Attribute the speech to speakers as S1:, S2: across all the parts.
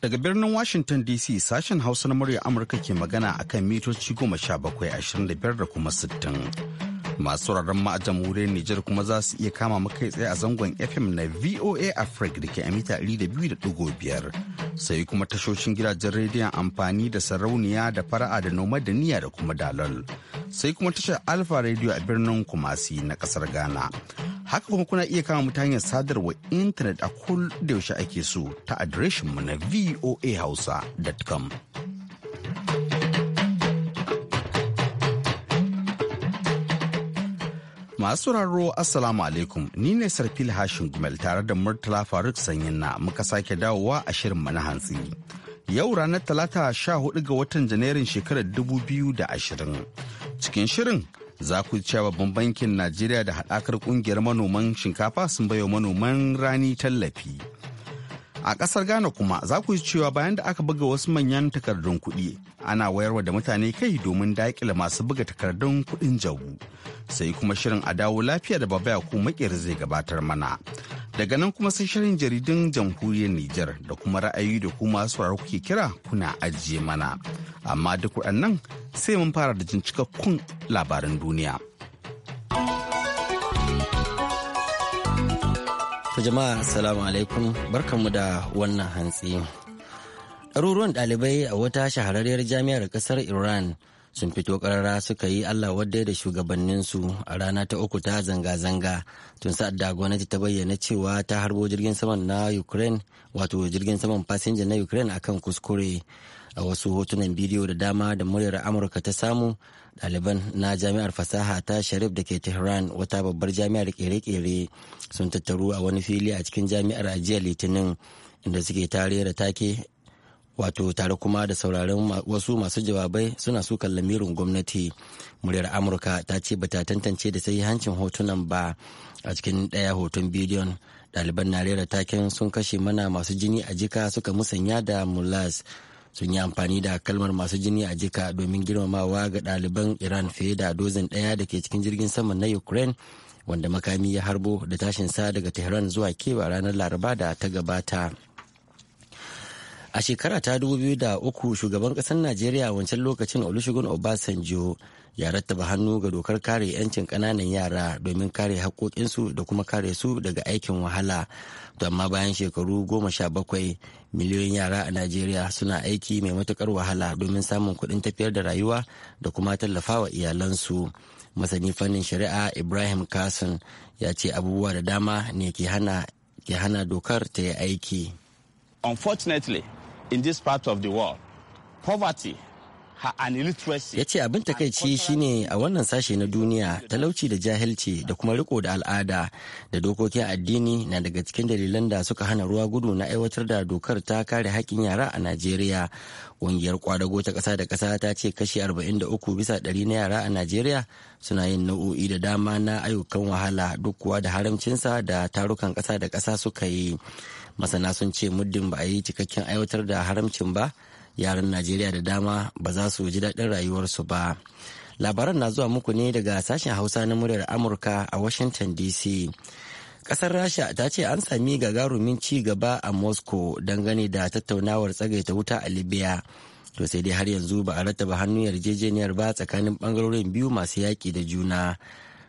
S1: Daga birnin Washington DC sashen Hausa na murya Amurka ke magana akan mitoci goma sha bakwai ashirin da biyar da kuma sittin. masu rarren ma a jamhuriyar Nijar kuma za su iya kama makai tsaye a zangon FM na VOA Africa da ke a mita 200.5 sai kuma tashoshin gidajen rediyon amfani da sarauniya da fara'a da noma da niyya da kuma dalol sai kuma tashar Alfa rediyo a birnin Kumasi na kasar Ghana. Haka kuma kuna iya kama mu ta sadarwa intanet a kul da yaushe ake so ta adireshinmu na voahausa.com. Masu sauraro Assalamu alaikum ni ne Sarfil Hashin Gumel tare da Murtala Faruk Sanyinna muka sake dawowa a shirin mana hantsi. Yau ranar Talata sha hudu ga watan Janairun shekarar dubu biyu da ashirin. Cikin shirin za ku ci babban bankin Najeriya da haɗakar ƙungiyar manoman shinkafa sun bayo manoman rani tallafi. A ƙasar Ghana kuma za ku yi cewa bayan da aka buga wasu manyan takardun kuɗi ana wayarwa da mutane kai domin daƙile masu buga takardun kuɗin jabu sai kuma shirin a dawo lafiya da baba ku makiyar zai gabatar mana daga nan kuma sai shirin jaridun jamhuriyar nijar da kuma ra'ayi da kuma sauraro kuke kira kuna ajiye mana amma duk waɗannan sai mun fara da jin
S2: cikakkun labaran duniya jama'a assalamu alaikum barkanmu da wannan hantsi ɗaruruwan ɗalibai a wata shahararriyar jami'ar ƙasar iran sun fito ƙarara suka yi allah wadda da shugabanninsu a rana ta uku ta zanga-zanga tun sa'ad da gwamnati ta bayyana cewa ta harbo jirgin saman na ukraine wato jirgin saman fasinja na ukraine akan kuskure a wasu hotunan bidiyo da dama da muryar amurka ta samu ɗaliban na jami'ar fasaha ta sharif da ke tehran wata babbar jami'ar kere-kere sun tattaru a wani fili a cikin jami'ar a litinin inda suke tare da take wato tare kuma da sauraron wasu masu jawabai suna sukan lamirin gwamnati muryar amurka ta ce bata tantance da sai hancin hotunan ba a cikin daya hoton bidiyon ɗaliban na rera taken sun kashe mana masu jini a jika suka musanya da mulas sun yi amfani da kalmar masu jini a jika domin girmamawa ga ɗaliban iran fiye da dozin ɗaya da ke cikin jirgin sama na ukraine wanda makami ya harbo da tashin sa daga tehran zuwa kewa ranar laraba da ta gabata a shekara ta uku, shugaban kasar najeriya wancan lokacin olusegun obasanjo ya rattaba hannu ga dokar kare 'yancin ƙananan yara domin kare haƙoƙinsu da kuma kare su daga aikin wahala to amma bayan shekaru goma sha bakwai miliyoyin yara a najeriya suna aiki mai matuƙar wahala domin samun kuɗin tafiyar da rayuwa da kuma tallafawa iyalansu masani fannin shari'a ibrahim kasim ya ce abubuwa da dama ne ke hana dokar ta yi aiki unfortunately in this part of the world. Poverty ya ce abin takaici shine a wannan sashe na duniya talauci da jahilci da kuma riko da al'ada da dokokin addini na daga cikin dalilan da suka hana ruwa gudu na aiwatar da dokar ta kare haƙƙin yara a najeriya ƙungiyar ƙwadago ta ƙasa da ƙasa ta ce kashi 43 bisa ɗari na yara a najeriya suna yin nau'o'i da dama na ayyukan wahala duk kuwa da haramcinsa da tarukan ƙasa da ƙasa suka yi masana sun ce muddin ba a yi cikakken aiwatar da haramcin ba yaran najeriya da dama ba za su ji daɗin rayuwarsu ba labaran na zuwa muku ne daga sashen hausa na muryar amurka a washington dc ƙasar rasha ta ce an sami gagarumin ci gaba a moscow dangane da tattaunawar tsagaita wuta a libya to sai dai har yanzu ba a rattaba hannun yarjejeniyar ba tsakanin bangarorin biyu masu yaƙi da juna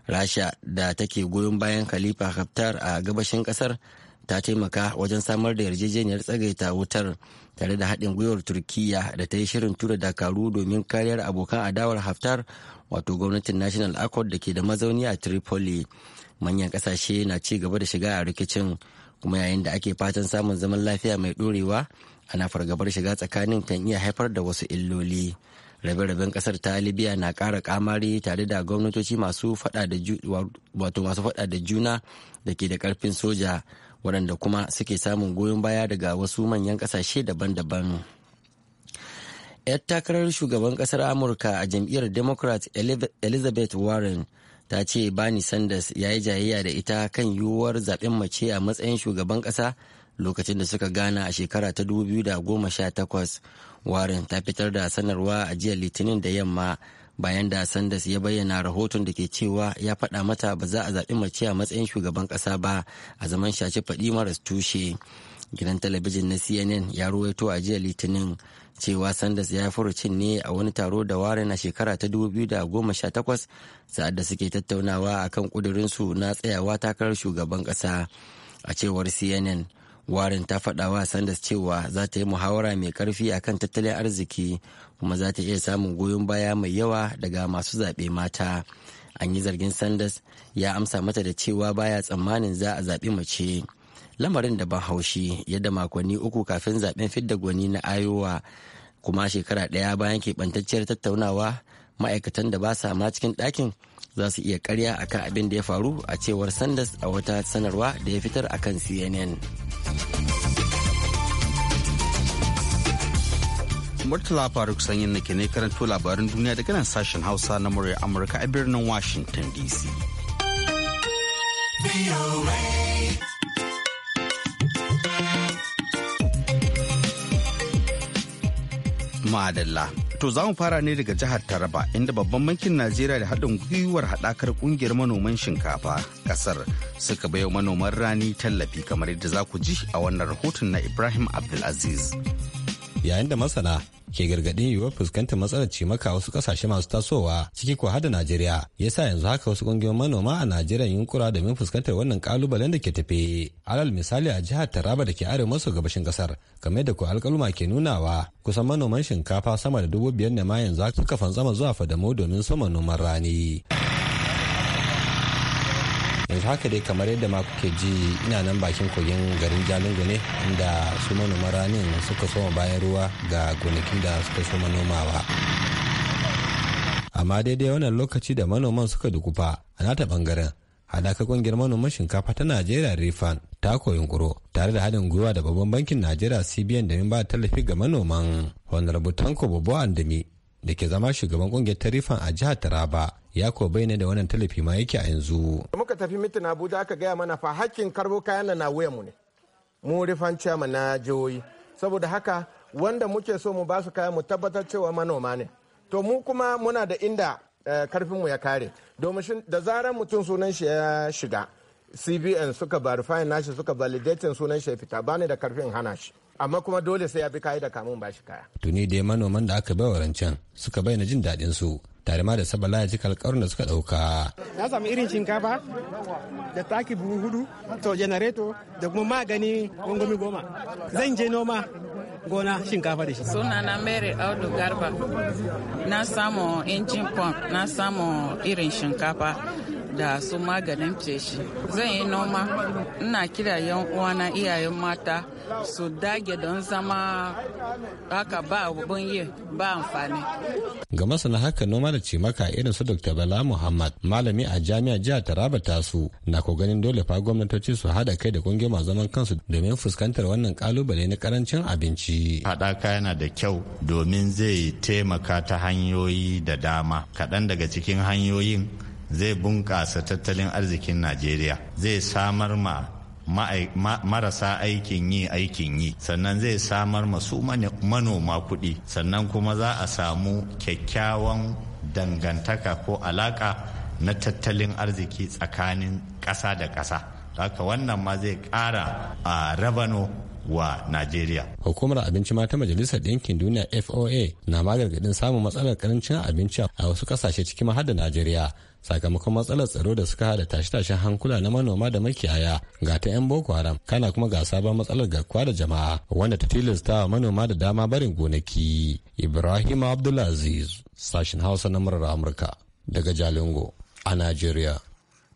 S2: rasha da take goyon bayan khalifa haftar a gabashin ƙasar ta taimaka wajen samar da yarjejeniyar tsagaita wutar tare da haɗin gwiwar turkiya da ta yi shirin tura dakaru domin kariyar abokan adawar haftar wato gwamnatin national accord da ke da mazauni a tripoli manyan ƙasashe na ci gaba da shiga a rikicin kuma yayin da ake fatan samun zaman lafiya mai ɗorewa ana fargabar shiga tsakanin kan iya haifar da wasu illoli rabe-raben kasar ta libya na kara kamari tare da gwamnatoci masu fada da juna da ke da karfin soja waɗanda kuma suke samun goyon baya daga wasu manyan ƙasashe daban-daban. 'yar takarar shugaban ƙasar amurka a jam'iyyar democrat elizabeth warren ta ce bernie sanders ya yi jayayya da ita kan yiwuwar zaben mace a matsayin shugaban ƙasa lokacin da suka gana a shekara ta 2018 warren ta fitar da sanarwa a jiya litinin da yamma bayan da sanders ya bayyana rahoton da ke cewa ya faɗa mata ba za a zaɓi mace a matsayin shugaban ƙasa ba a zaman shaci faɗi maras tushe gidan talabijin na cnn ya ruwaito a jiya litinin cewa sanders ya furucin ne a wani taro da warren a shekara ta 2018 sa'ad da suke tattaunawa akan kudurinsu na tsayawa takarar shugaban ƙasa a cewar cnn Warin ta faɗa wa Sanders cewa za ta yi muhawara mai ƙarfi kan tattalin arziki kuma za ta iya samun goyon baya mai yawa daga masu zaɓe mata. An yi zargin Sanders ya amsa mata da cewa baya tsammanin za a zaɓi mace. Lamarin da ban haushi yadda makonni uku kafin zaɓen fidda gwani na ayowa, kuma shekara ɗaya bayan keɓantacciyar tattaunawa ma'aikatan da ba sa ma cikin ɗakin za su iya karya akan abin da ya faru a cewar sanders a wata sanarwa da ya fitar akan cnn
S1: murtala faruk sanyin nake ne karanto labarin duniya daga nan sashen hausa na murya amurka a birnin washington dc madalla To za mu fara ne daga jihar Taraba inda babban bankin Najeriya da haɗin gwiwar haɗakar ƙungiyar manoman shinkafa ƙasar suka bayo manoman
S3: rani tallafi kamar yadda za ku ji
S1: a wannan rahoton na Ibrahim Abdulaziz.
S3: yayin da masana ke gargaɗin yiwuwar fuskantar matsalar cimaka wasu kasashe masu tasowa ciki ko hada Najeriya yasa yanzu haka wasu ƙungiyoyin manoma a Najeriya yunkura domin fuskantar wannan ƙalubalen da ke tafe alal misali a jihar Taraba da ke arewa maso gabashin ƙasar kamar da ko alƙaluma ke nunawa kusan manoman shinkafa sama da dubu biyar ne ma yanzu suka fantsama zuwa Fadamo domin soma noman rani. yanzu haka dai kamar yadda ma kuke ji ina nan bakin kogin garin jalingo ne inda su manoma ranin suka soma bayan ruwa ga gonakin da suka soma nomawa amma daidai wannan lokaci da manoman suka dukufa a nata bangaren hadaka kungiyar manoman shinkafa ta najeriya refan ta koyin kuro tare da haɗin gwiwa da babban bankin najeriya cbn da domin ba tallafi ga manoman honorable tanko bobo andami da ke zama shugaban kungiyar tarifan a jihar Taraba ya ko bayyana da wannan talafi ma yake a yanzu.
S4: Muka tafi mitin Abuja aka gaya mana fa hakkin karbo kayan na wuyan mu ne. Mu rifan ciyama na jihohi. Saboda haka wanda muke so mu basu kayan mu tabbatar cewa manoma ne. To mu kuma muna da inda eh, karfin mu ya kare. Domin da zarar mutum sunan shi ya shiga. CBN suka verify nashi suka validate sunan shi ya fita bani da karfin hana shi. amma kuma dole sai ya bi da kamun ba shi kaya.
S3: Tuni da manoman da aka baiwa rancen suka bayyana jin daɗin su tare ma da sabala ya cika alƙawarin da suka ɗauka.
S4: Na samu irin shinkafa da taki buhu hudu to janareto da kuma magani gongomi goma. Zan je noma gona shinkafa da shi.
S5: Suna na Mary Audu Garba
S4: na samu injin pump na
S2: samu irin shinkafa da su maganin feshi zan yi noma ina kira yan uwana iyayen mata su dage don zama haka ba abun yi ba amfani
S3: ga masana haka noma da cimaka irin su dr bala muhammad malami a jami'a jihar taraba tasu na ko ganin dole fa gwamnatoci su hada kai da kungiyar masu zaman kansu domin fuskantar wannan kalubale na karancin abinci haɗaka yana da kyau domin zai taimaka ta hanyoyi da dama kaɗan daga cikin hanyoyin zai bunƙasa tattalin arzikin najeriya zai samar ma marasa aikin yi aikin yi sannan zai samar ma su manoma kuɗi sannan kuma za a samu kyakkyawan dangantaka ko alaka na tattalin arziki tsakanin ƙasa da ƙasa haka wannan ma zai ƙara a rabano wa Najeriya. Hukumar abinci mata Majalisar Ɗinkin Duniya FOA na magargadin samun matsalar karancin abinci a wasu ƙasashe cikin mahadda da Najeriya. sakamakon matsalar tsaro da suka hada tashe-tashen hankula na manoma da makiyaya ga ta 'yan boko haram kana kuma ga sabon matsalar garkuwa da jama'a wanda ta tilasta wa manoma da dama barin gonaki ibrahim abdulaziz sashen hausa na murar amurka daga jalingo a najeriya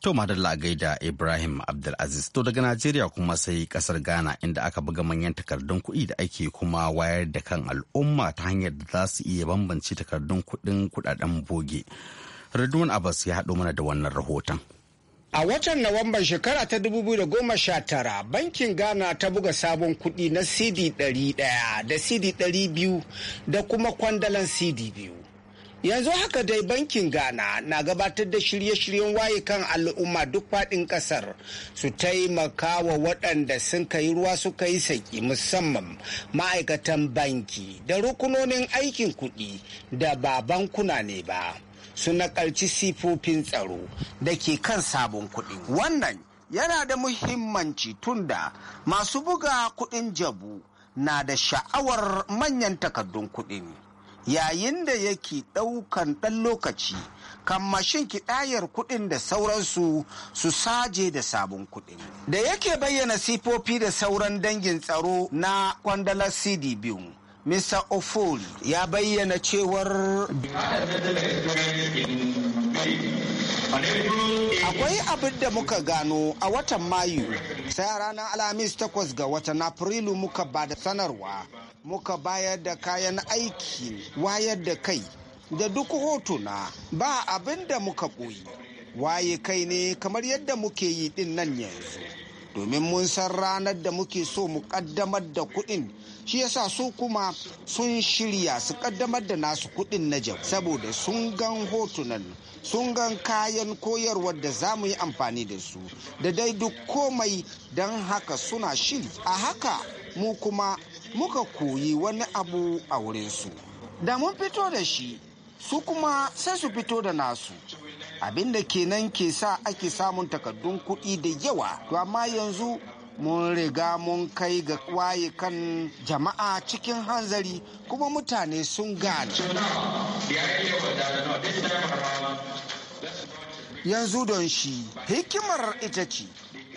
S3: To madalla gaida Ibrahim Abdulaziz
S1: to daga Najeriya kuma sai kasar Ghana inda aka buga manyan takardun kuɗi da ake kuma wayar da kan al'umma ta hanyar da za su iya bambance takardun kuɗin kuɗaɗen boge. Radwan Abbas ya haɗo mana da wannan rahoton.
S4: A watan Nuwamban shekara ta da goma sha tara bankin Ghana ta buga sabon kuɗi na CD 100 da CD biyu da kuma kwandalan CD biyu. Yanzu haka dai bankin Ghana na gabatar da shirye-shiryen waye kan al'umma duk faɗin ƙasar su taimaka wa waɗanda sun kai ruwa suka yi saki musamman ma'aikatan banki da rukunonin aikin kuɗi da ba bankuna ne ba. Su naƙarci sifofin tsaro da ke kan sabon kuɗi. Wannan yana da muhimmanci tunda masu buga kuɗin jabu na da sha'awar manyan takardun kuɗi. yayin da yake ɗaukan ɗan lokaci kan mashin kiɗayar kuɗin da sauransu su saje da sabon kuɗin. Da yake bayyana sifofi da sauran dangin tsaro na kwandalar CD biyu. Mr. Ofori ya bayyana cewar Akwai abin da muka gano a watan Mayu, sai ranar Alhamis takwas ga watan Afrilu muka ba da sanarwa, muka bayar da kayan aiki wayar da kai da duk hotuna ba abin da muka ɓoyi. Waye kai ne kamar yadda muke yi din nan yanzu. Domin mun san ranar da muke so mu ƙaddamar da kuɗin shi yasa su kuma sun shirya su ƙaddamar da nasu kuɗin na jam saboda sun gan hotunan sun gan kayan koyarwar da za mu yi amfani da su da dai duk komai don haka suna shiri a haka mu kuma muka koyi wani abu a wurinsu da mun fito da shi su kuma sai su fito da nasu abinda kenan ke sa ake samun takardun kuɗi da yawa to amma yanzu mun riga mun kai ga waye kan jama'a cikin hanzari kuma mutane sun gane yanzu don shi hikimar ita ce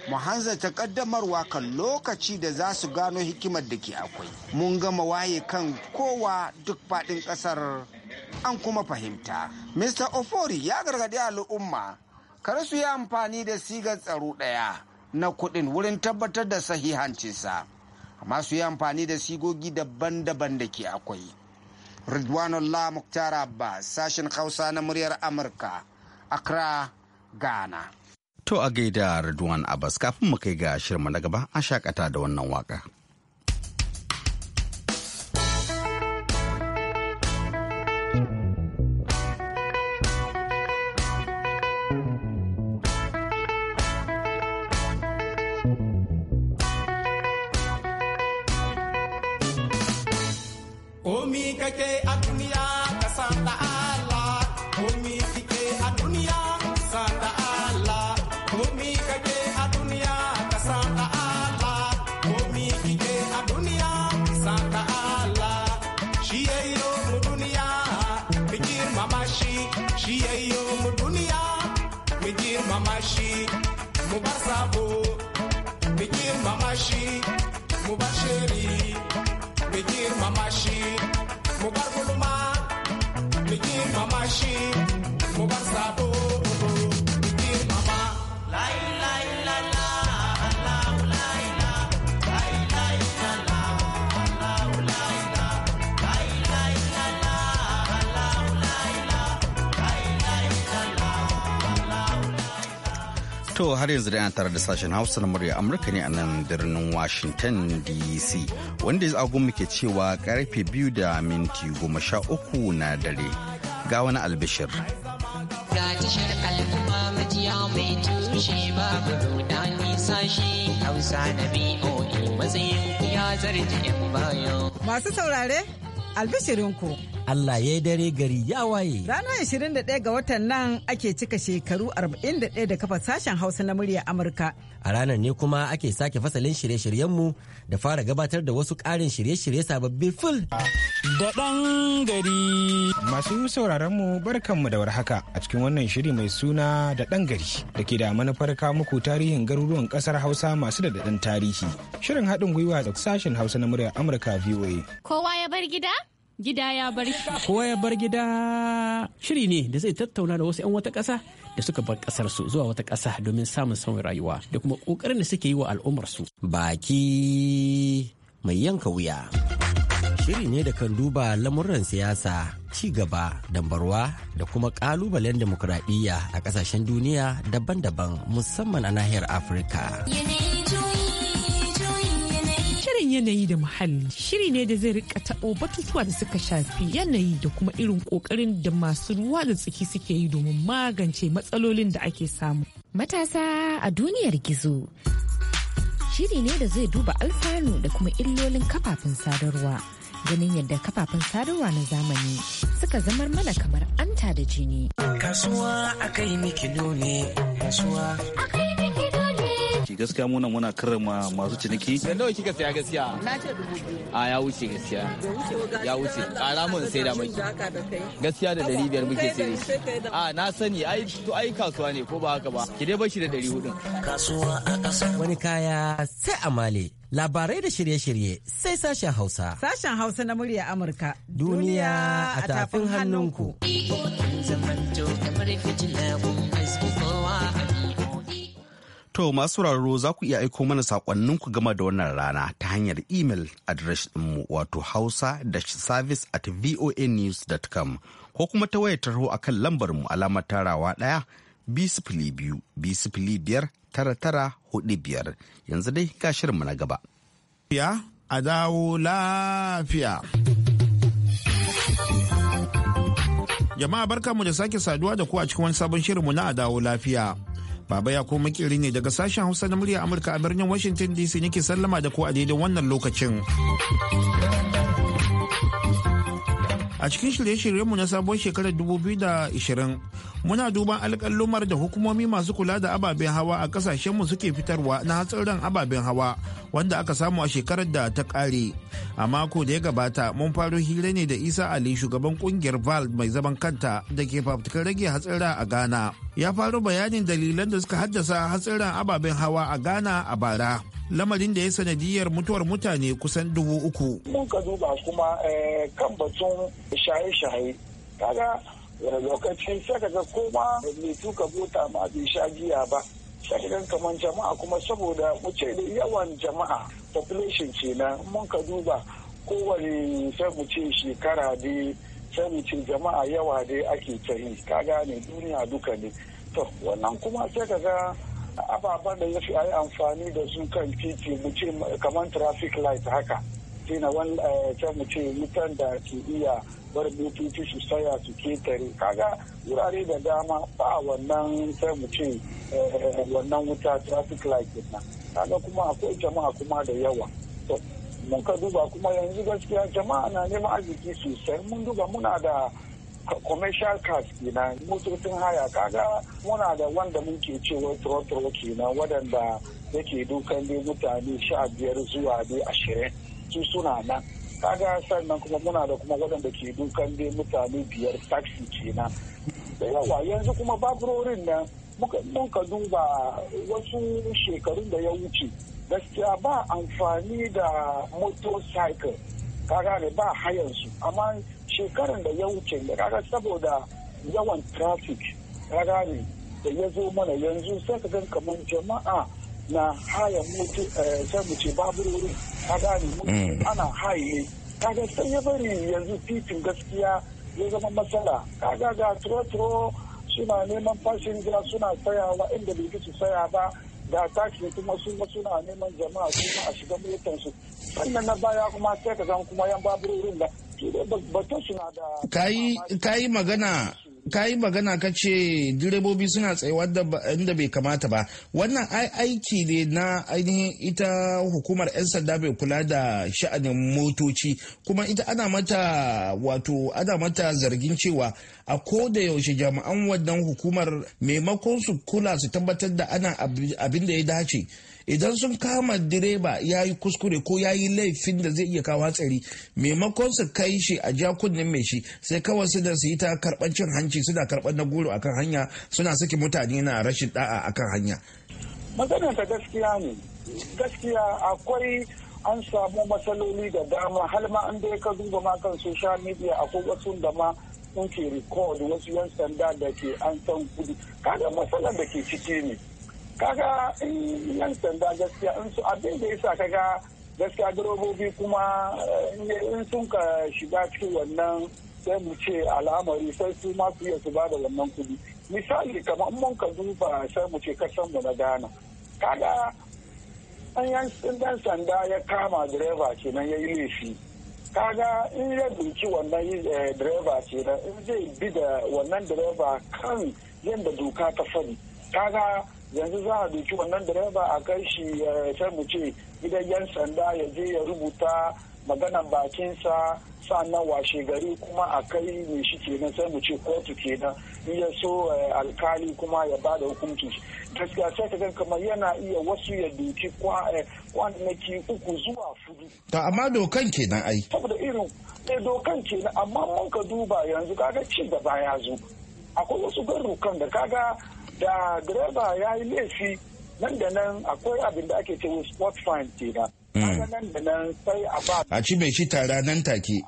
S4: mu hanzarta kaddamarwa kan lokaci da za su gano hikimar da ke akwai mun gama waye kan kowa duk faɗin ƙasar an kuma fahimta mr ofori ya gargaɗi al'umma kar su yi amfani da sigar tsaro ɗaya na kuɗin wurin tabbatar da sahihancinsa amma su yi amfani da sigogi daban-daban da ke akwai ridwanullah muktar abbas sashen hausa na muryar amurka accra ghana
S1: to a gaida ridwan abbas kafin mu kai ga shirma na gaba a shakata da wannan waka que To har yanzu da tare da sashen Hausa na murya Amurka ne a nan birnin Washington DC wanda ya zago muke cewa karfe biyu da minti goma sha uku na dare ga wani albishir.
S2: Ga tashar al'umma majiya mai tushe babu
S6: ruda nisa shi Hausa na B.O.E matsayin ya zarje 'yan bayan.
S2: Masu saurare albishirinku Allah ya yi dare gari ya waye.
S6: Ranar 21 ga watan
S2: nan ake cika shekaru 41 da kafa sashen Hausa na murya Amurka. A ranar ne kuma ake sake fasalin shirye-shiryenmu da fara gabatar da wasu ƙarin shirye-shirye sababbi ful.
S4: Da ɗan gari. Masu sauraronmu mu barkanmu
S2: da warhaka a cikin
S4: wannan shiri mai suna da ɗan gari da ke da manufar kawo muku tarihin garuruwan ƙasar Hausa masu da daɗin tarihi. Shirin haɗin gwiwa da sashen Hausa na murya Amurka VOA.
S6: Kowa ya
S1: bar gida? gida ya bar
S6: kowa ya bar gida shiri ne da zai tattauna da wasu 'yan wata ƙasa da suka bar ƙasarsu zuwa wata ƙasa domin samun sauyin rayuwa da kuma ƙoƙarin da suke
S2: yi wa al'ummarsu baki mai yanka wuya shiri ne da kan duba lamuran siyasa ci gaba dambarwa da kuma ƙalubalen demokuraɗiyya a ƙasashen duniya daban-daban musamman a nahiyar afirka.
S5: yanayi da muhalli shiri ne da zai rika taɓo batutuwa da suka shafi yanayi da kuma irin ƙoƙarin da masu ruwa da tsaki suke yi domin magance matsalolin da ake samu.
S6: Matasa a duniyar gizo. Shiri ne da zai duba alfanu da kuma illolin kafafen sadarwa. Ganin yadda kafafen sadarwa na zamani suka zamar mana kamar anta da jini. Kasuwa akai miki nuni, kasuwa akai miki gaskiya muna
S1: muna karrama masu ciniki da nawa kika saya gaskiya
S2: na ce dubu biyu
S1: a ah, ya wuce gaskiya
S2: ya wuce kara mun sai da maki
S5: gaskiya
S1: da
S2: 500 biyar muke sai
S6: a ah, na sani ai to ai kasuwa ne ko ba haka ba ki dai bashi da 400 kasuwa a kasa wani
S2: kaya sai amale labarai da shirye-shirye sai sashen hausa sashen hausa na murya
S6: amurka duniya a
S2: tafin hannunku.
S1: To masu sauraro za ku iya aiko mana ku game da wannan rana ta hanyar email address mu wato hausa-service at voanews.com ko kuma ta waya tarho a kan lambar mu alamar tarawa ɗaya bisifili biyu bisifili biyar tara tara hudu biyar
S5: yanzu dai ga shirinmu na gaba. Ya a dawo lafiya. Jama'a barkanmu da sake saduwa da ku a cikin wani sabon shirinmu na a dawo lafiya. Baba ya ko makiri ne daga sashen Hausa na murya Amurka a birnin Washington DC nake sallama da ku a daidai wannan lokacin. a cikin shirye-shiryenmu na sabon shekarar dubu da 2020 muna duban alƙalumar da hukumomi masu kula da ababen hawa a ƙasashenmu suke fitarwa na hatsarin ababen hawa wanda aka samu a shekarar da ta ƙare a mako da ya gabata mun faro hira ne da isa ali shugaban ƙungiyar val mai zaman kanta da ke fafutukar rage hatsarin a ghana ya faro bayanin dalilan da suka haddasa hatsarin ababen hawa a ghana a bara lamarin da ya sanadiyar mutuwar mutane kusan dubu uku.
S7: Mun ka duba kuma eh, kan batun shaye-shaye. Kaga lokacin sai ka ga koma mai tuka bota ma bai sha giya ba. Sai ka kamar jama'a kuma saboda mu ce da yawan jama'a population kenan mun ka duba kowane sai mu ce shekara dai sai mu ce jama'a yawa dai ake ta yi. Kaga ne duniya duka ne. To wannan kuma sai ka ga ababen da ya fi ayi amfani da su kan titi mu ce kamar traffic light haka tina wani eh, can mu ce mutan da ke iya bar bututu su saya su ketare kaga wurare da dama ba wannan sai mu ce eh, wannan wuta traffic light nan kaga kuma akwai jama'a kuma da yawa mun ka duba kuma yanzu gaskiya jama'a na neman arziki sosai mun duba muna da commercial cars kenan motocin haya kaga muna da wanda muke cewa turo-turo kenan waɗanda yake dukan dai mutane sha biyar zuwa dai su suna nan kaga sannan kuma muna da kuma waɗanda ke dukan dai mutane biyar taxi kenan da yawa yanzu kuma baburorin nan mun ka duba wasu shekarun da ya wuce gaskiya ba amfani da motorcycle kaga ne ba hayansu amma shekaran da ya wuce kaga saboda yawan traffic kaga ne da ya zo mana yanzu sai ka gan kamar jama'a na haya mutu eh, sai mu ce baburori kaga mm. ana haye kaga sai ya bari yanzu titin gaskiya ya zama matsala kaga ga turo-turo suna neman fasinja suna tsayawa inda bai su tsaya ba da taxi kuma sun suna neman jama'a kuma a shiga su sannan na baya kuma sai ka ga kuma yan baburorin da
S5: kayi magana kayi magana ka ce direbobi suna tsayuwa inda bai kamata ba wannan aiki ne na ainihin ita hukumar 'yan sanda bai kula da sha'anin motoci kuma ita ana mata wato ana mata zargin cewa a ko da yaushe jami'an wannan hukumar maimakon su kula su tabbatar da ana abin da ya dace idan sun kama direba ya yi kuskure ko ya yi laifin da zai iya kawo hatsari maimakon su kai shi a jakunan mai shi sai kawai su da su yi ta karban cin hanci suna karɓar na goro akan hanya suna saki mutane na rashin da'a akan hanya.
S7: maganar ta gaskiya ne gaskiya akwai an samu matsaloli da dama har ma an dai ka duba ma kan social media akwai wasu da ma sun ke record wasu yan sanda da ke an san gudu kada matsalar da ke ciki ne
S6: kaga in eh, yan
S7: sanda gaskiya in su abin da yasa kaga gaskiya direbobi kuma eh, in sun ka shiga cikin wannan sai mu ce al'amari sai su ma su iya su ba da wannan kudi misali kamar mun ka duba sai mu ce kasan mu na gana kaga an yan sanda ya kama direba kenan ya yi laifi kaga in ya binci wannan eh, direba kenan in zai bi da wannan direba kan yadda doka ta faɗi kaga yanzu za a doki wannan direba a kai shi eh, sai mu ce gidan yan sanda ya je ya rubuta maganan bakinsa sannan washe gari kuma a kai ne shi kenan sai mu ce kotu kenan in ya so eh, alkali kuma ya bada hukunci gaskiya sai ka gan kamar yana iya wasu ya doki eh, kwanaki uku zuwa fudu.
S5: ta amma dokan kenan ai saboda
S7: irin dokan kenan amma mun ka duba yanzu kaga ci gaba ya zo akwai wasu garukan da kaga da direba ya yi laifi nan da nan akwai abin da ake cewa sport fine kenan hmm. nan da nan sai a ba
S5: a ci mai shi tara nan take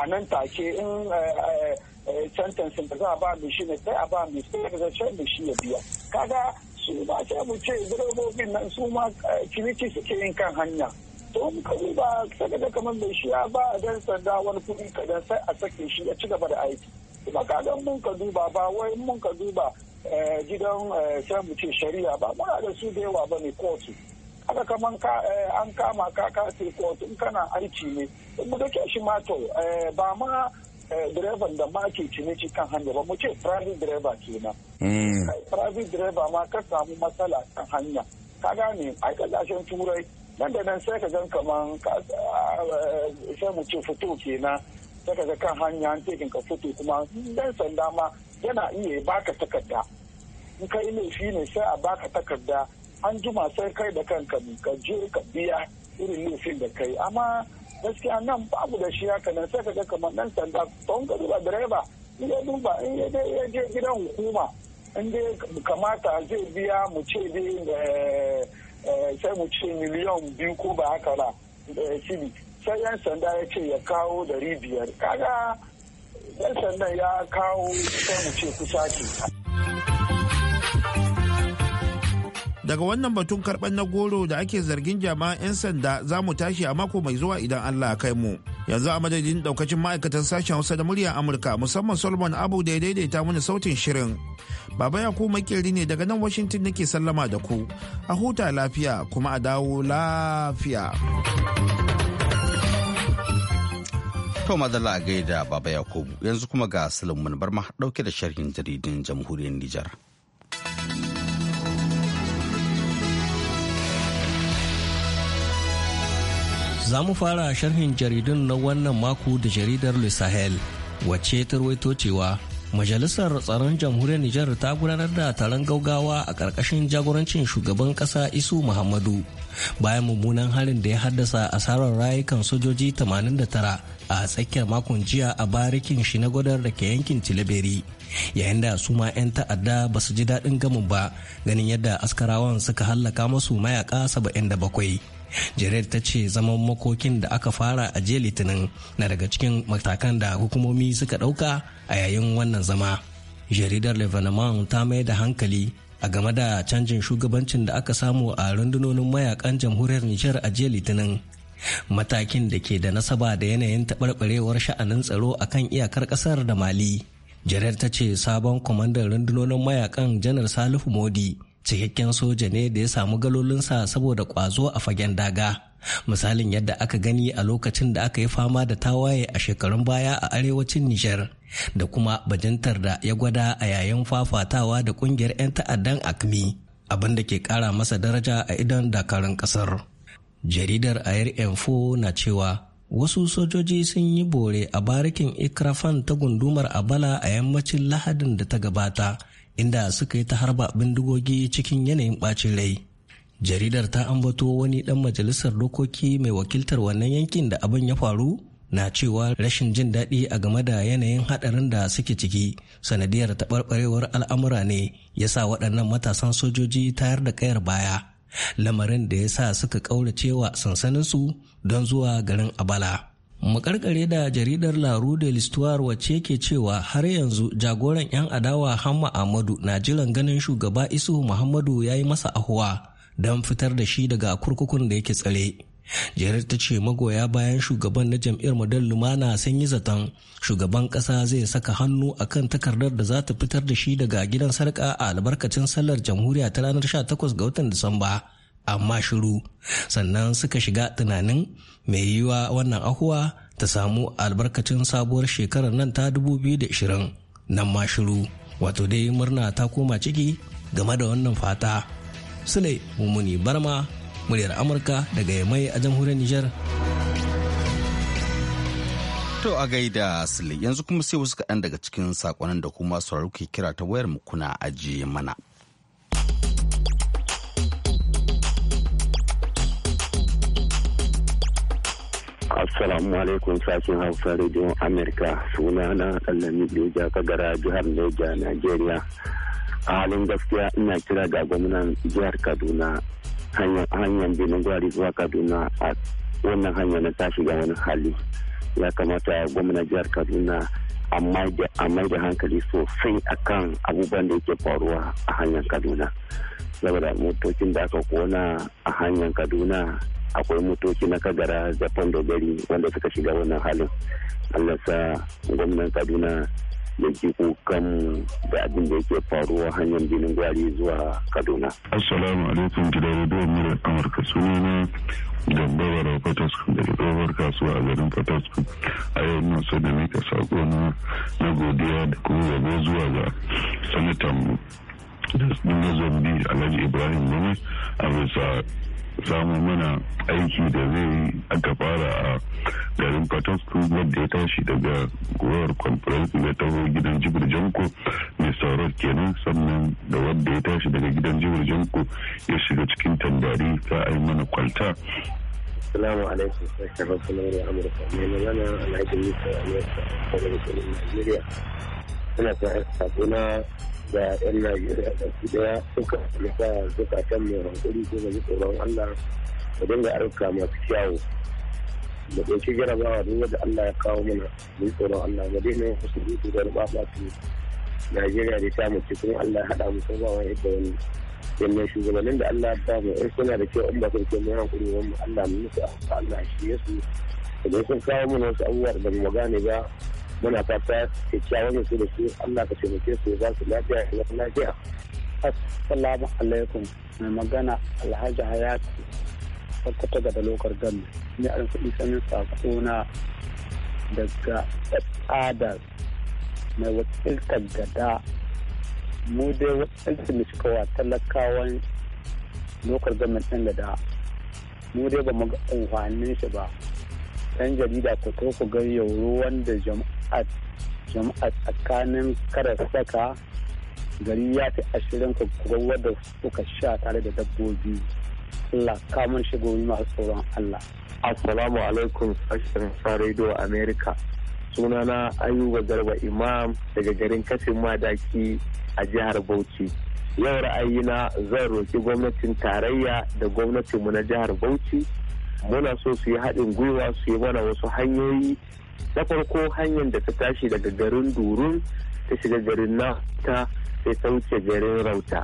S7: a nan take in eh, eh, eh, sentence da za a ba mai shi ne sai a ba mai sai da zai mai shi ya biya kaga su ba ce mu ce direbobin nan su ma kiriki suke yin kan hanya to mu ka duba saka da kamar mai shi ya ba a dan sanda wani kuɗi kadan sai a sake shi ya ci gaba da aiki kuma kaga mun ka duba ba wai mun ka duba Eh, gidan eh, sai ce shari'a ba muna da su da yawa ba ne kotu haka kaman eh, an kama ka ka sai kotu in kana aiki ne in mu dake shi ma ba ma direban da ma ke ci kan hanya ba mu ce private driver kenan hmm. private driver ma ka samu matsala kan hanya ka gane a kasashen turai nan da nan sai ka gan kaman sai mu ce fito kenan sai ka ga kan hanya an tekin ka fito kuma dan sanda ma yana iya baka takarda in kai laifi ne sai a baka takarda an juma sai kai da kanka ka je ka biya irin laifin da kai amma gaskiya nan babu da shi haka nan sai ka ga kamar dan sanda don ka duba direba in ya duba in ya je gidan hukuma in dai kamata zai biya mu ce dai eh, eh, sai mu ce miliyan biyu ko ba haka ba eh, cibi sai yan sanda ya ce ya kawo dari biyar kaga yan sandan ya kawo mu ce
S5: daga wannan batun karɓar na goro da ake zargin jama'an 'yan sanda za mu tashi a mako mai zuwa idan Allah ya kai mu yanzu a madadin daukacin ma'aikatan sashen hausa da muryar amurka musamman solomon abu da ya daidaita mana sautin shirin baba ya ku makeri ne daga nan washington nake sallama da ku a huta lafiya kuma a dawo lafiya
S1: To madalla a gaida Baba Yakubu yanzu kuma ga Sulaiman Barma dauke da sharhin jaridun jamhuriyar Nijar.
S6: Za mu fara sharhin jaridun na wannan mako da jaridar Le Sahel wacce ta rawaito cewa Majalisar Tsaron Jamhuriyar Nijar ta gudanar da taron gaugawa a ƙarƙashin jagorancin shugaban ƙasa Isu Muhammadu bayan mummunan harin da ya haddasa asarar rayukan sojoji 89 a tsakiyar makon jiya a barikin shi na gwadar da ke yankin tilaberi yayin da su ma 'yan ta'adda ba su ji daɗin gamin ba ganin yadda askarawan suka hallaka masu mayaka 77 jared ta ce zaman makokin da aka fara a jiya litinin na daga cikin matakan da hukumomi suka ɗauka a yayin wannan zama jaridar Levenoman ta mai da hankali a game da canjin shugabancin da aka samu a rundunonin mayakan jamhuriyar nijar a jiya litinin matakin da ke da nasaba da yanayin taɓarɓarewar sha'anin tsaro a kan iyakar ƙasar da mali jarar ta ce sabon kwamandan rundunonin mayakan janar salihu modi cikakken soja ne da ya samu galolinsa saboda ƙwazo a fagen daga misalin yadda aka gani a lokacin da aka yi fama da tawaye a shekarun baya a arewacin Nijar da kuma bajintar da ya gwada a yayin fafatawa da kungiyar 'yan ta'addan akmi abin da ke kara masa daraja a idon dakarun kasar. Jaridar Air Info na cewa wasu sojoji sun yi bore a barikin ikrafan ta gundumar abala a yammacin lahadin da ta gabata inda suka yi ta harba bindigogi cikin yanayin bacin rai. jaridar ta ambato wani dan majalisar dokoki mai wakiltar wannan yankin da abin ya faru na cewa rashin jin daɗi a game da yanayin haɗarin da suke ciki sanadiyar taɓarɓarewar al'amura ne ya sa waɗannan matasan sojoji tayar da kayar baya lamarin da ya sa suka ƙaurace wa sansaninsu don zuwa garin abala makarkare da jaridar la rue de l'histoire ke cewa har yanzu jagoran 'yan adawa hamma ahmadu na jiran ganin shugaba isu muhammadu ya yi masa ahuwa don fitar da shi daga kurkukun da yake tsare jerry ta ce magoya bayan shugaban na jam'iyyar model lumana sun yi zaton shugaban kasa zai saka hannu akan takardar da za ta fitar da shi daga gidan sarka a albarkacin sallar jamhuriya ta ranar 18 ga watan disamba amma shiru sannan suka shiga tunanin mai yiwa wannan ahuwa ta samu albarkacin sabuwar shekarar nan ta 2020 nan ma shiru wato dai murna ta koma ciki game da wannan fata Sule Mumuni Barma muryar Amurka daga Yamai a jamhuriyar Nijar.
S1: To a gaida Sule yanzu kuma sai wasu kaɗan daga cikin saƙonan da kuma sauraro ke kira ta wayar mu kuna ajiye mana.
S7: Assalamu alaikum sashen Hausa
S6: Radio Amerika suna na Ɗallami Beja Kagara jihar Neja Najeriya. a halin gaskiya ina kira ga gwamnan jihar kaduna hanyar benin gwari zuwa kaduna a wannan hanyar na ta shiga wani hali ya kamata gwamnan jihar kaduna a mai da hankali sosai kan abubuwan da yake faruwa a hanyar kaduna saboda motocin da aka kona a hanyar kaduna akwai motoci na kagara da fandogari wanda suka shiga wannan halin allasa gwamnan kaduna da kan da abin da yake faruwa hanyar jinin gwari zuwa kaduna.
S5: assalamu alaikum gidan rediyon mura amurka
S6: sunana gambawar fatasku daga tsohuwar kasuwa a garin fatasku a yau na so da mika sako na godiya da kuma gaba zuwa ga sanatan
S1: mu da na zambi alhaji ibrahim mama a bisa samu mana aiki da zai aka fara a garin patosku wadda ya
S5: tashi daga gowar conference da taho gidan jibir janko mai saurar kenan sannan da wadda ya tashi daga
S3: gidan jibir janko ya shiga cikin tandari ta a yi mana kwalta salamu alaikum, sashen rasulun Amurka. Mai magana alhaji
S7: Musa Amurka daga Najeriya. Ina son aiki na da yan najeriya baki daya suka nufa suka kan mai hankali ko mai tsoron allah da dinga aruka masu kyawu da ɗan ɗauki jarabawa duk wanda allah ya kawo mana mai tsoron allah ga daina yin wasu dutse da ba su najeriya da ta mace kuma allah ya haɗa mu ko ba wani yadda wani yannan shugabannin da allah ya ba mu in suna da kyau in ba su kyau mai hankali wani allah mu nufi a allah shi yesu da sun kawo mana wasu abubuwa da mu gane ba muna fata kyakkyawan su da su Allah ka taimake su ya ba su lafiya ya ba lafiya assalamu alaikum mai magana alhaji hayati sakkwato ga dalokar gami ne an kuɗi sanin na daga tsadar mai wakiltar gada mu dai wakilci da suka wa talakawan lokar gamin ɗin gada mu dai ba mu ga amfanin shi ba ɗan jarida ko ko ku ga yauro wanda jama'a jama'a tsakanin karar saka gari ya fi ashirin kogowar da suka sha tare da dabbobi Allah kamun shigomi masu tsoron Allah. Assalamu alaikum sashen sa radio America. Sunana Ayuba Garba Imam daga garin kafin Madaki a jihar Bauchi. Yau ra'ayina zan roki gwamnatin tarayya da gwamnatinmu na jihar Bauchi. Muna so su yi haɗin gwiwa su yi mana wasu hanyoyi na farko hanyar da ta tashi daga garin durun ta shiga garin nafta sai
S6: ta wuce garin rauta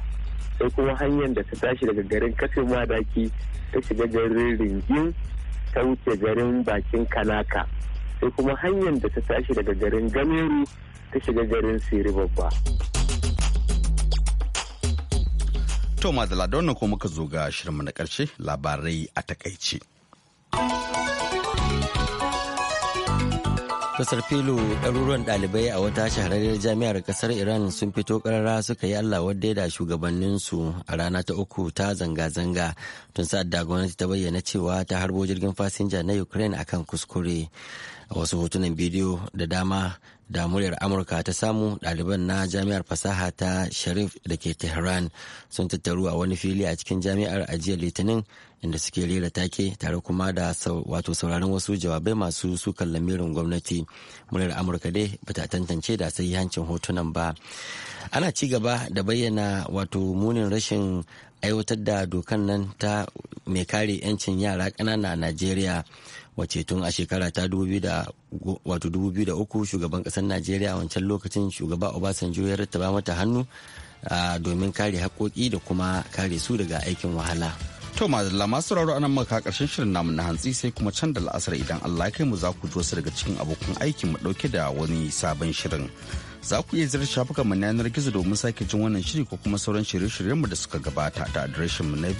S6: sai kuma hanyar da ta tashi daga garin kafin madaki ta
S7: shiga garin ringin ta wuce garin bakin kanaka sai kuma hanyar da ta tashi daga garin gameru ta shiga garin siri babba
S1: to madala da wannan ko muka zo ga shirma na karshe labarai a takaice.
S2: Kasar filo ɗaruruwan ɗalibai a wata shahararriyar jami'ar ƙasar Iran sun fito ƙarara suka yi Allah wadda da shugabanninsu a rana ta uku ta zanga-zanga tun sa'ad da gwamnati ta bayyana cewa ta harbo jirgin fasinja na Ukraine a kan kuskure. A wasu hotunan bidiyo da dama da muryar Amurka ta samu ɗaliban na jami'ar fasaha ta Sharif da ke Tehran sun tattaru a wani fili a cikin jami'ar ajiyar Litinin inda suke rera take tare kuma da wato sauraron wasu jawabai masu sukan lamirin gwamnati muryar amurka dai bata tantance da hancin hotunan ba ana ci gaba da bayyana wato munin rashin aiwatar da dokan nan ta mai kare 'yancin yara kanana a najeriya wacce tun a shekara ta 2003 shugaban ƙasar najeriya wancan lokacin shugaba obasanjo ya rattaba mata hannu domin kare haƙoƙi da kuma kare su daga aikin wahala. To madalla masu
S1: sauraro anan maka karshen shirin namu na hantsi sai kuma can da la'asar idan Allah ya kai mu za ku ji wasu daga cikin abokan aiki mu dauke da wani sabon shirin. Za ku iya zirar shafukan mu na yanar gizo domin sake jin wannan shiri ko kuma sauran shirye-shiryen mu da suka gabata da adireshin mu na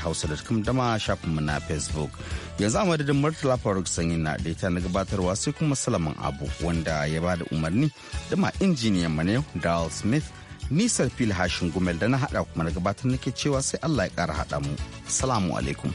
S1: hausa da dama shafin mu na Facebook. Yanzu a madadin Murtala Faruk Sanyi na daita na gabatarwa sai kuma Salaman Abu wanda ya ba da umarni da ma injiniyan mu ne Dal Smith. Nisar salfil hashin gumel da na haɗa kuma na gabatar nake cewa sai Allah ya kara haɗa mu. Salamu alaikum.